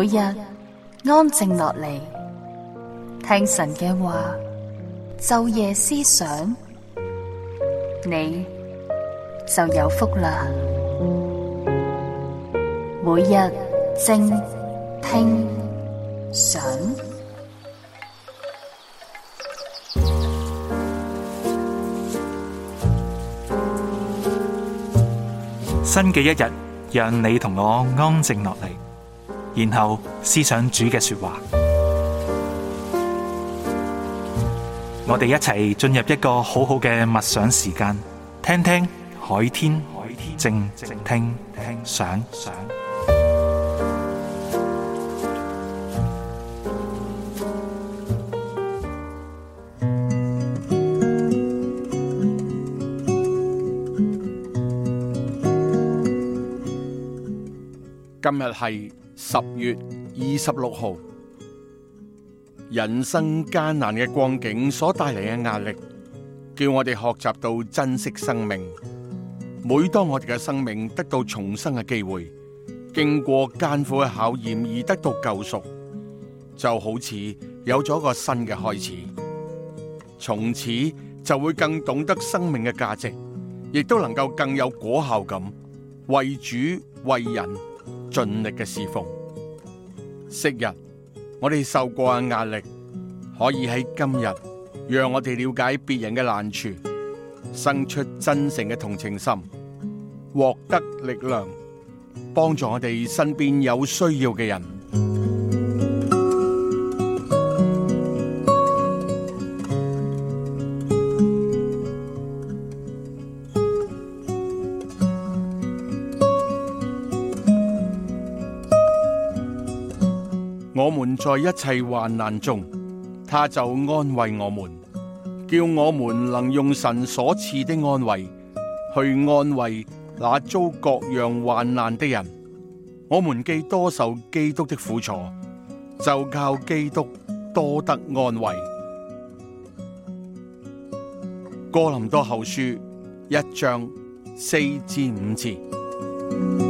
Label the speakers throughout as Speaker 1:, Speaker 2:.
Speaker 1: 每日安靜落嚟，聽神嘅話，晝夜思想，你就有福啦。每日靜聽想，新嘅一日，讓你同我安靜落嚟。然後思想主嘅說話，我哋一齊進入一個好好嘅默想時間，聽聽海天，海天靜靜聽聽想想。
Speaker 2: 今日係。十月二十六號，人生艱難嘅光景所帶嚟嘅壓力，叫我哋學習到珍惜生命。每當我哋嘅生命得到重生嘅機會，經過艱苦嘅考驗而得到救贖，就好似有咗個新嘅開始。從此就會更懂得生命嘅價值，亦都能夠更有果效咁，為主為人。盡力嘅侍奉。昔日我哋受過嘅壓力，可以喺今日讓我哋了解別人嘅難處，生出真誠嘅同情心，獲得力量，幫助我哋身邊有需要嘅人。我們在一切患難中，他就安慰我們，叫我們能用神所賜的安慰去安慰那遭各樣患難的人。我們既多受基督的苦楚，就靠基督多得安慰。哥林多後書一章四至五節。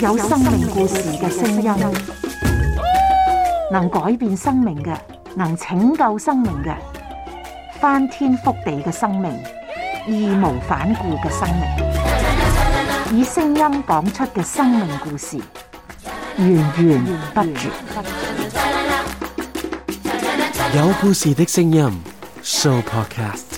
Speaker 2: 有生命故事
Speaker 1: 嘅聲音，能改變生命嘅，能拯救生命嘅，翻天覆地嘅生命，義無反顧嘅生命，以聲音講出嘅生命故事，源源不絕。有故
Speaker 2: 事的聲音，Sooo Podcast。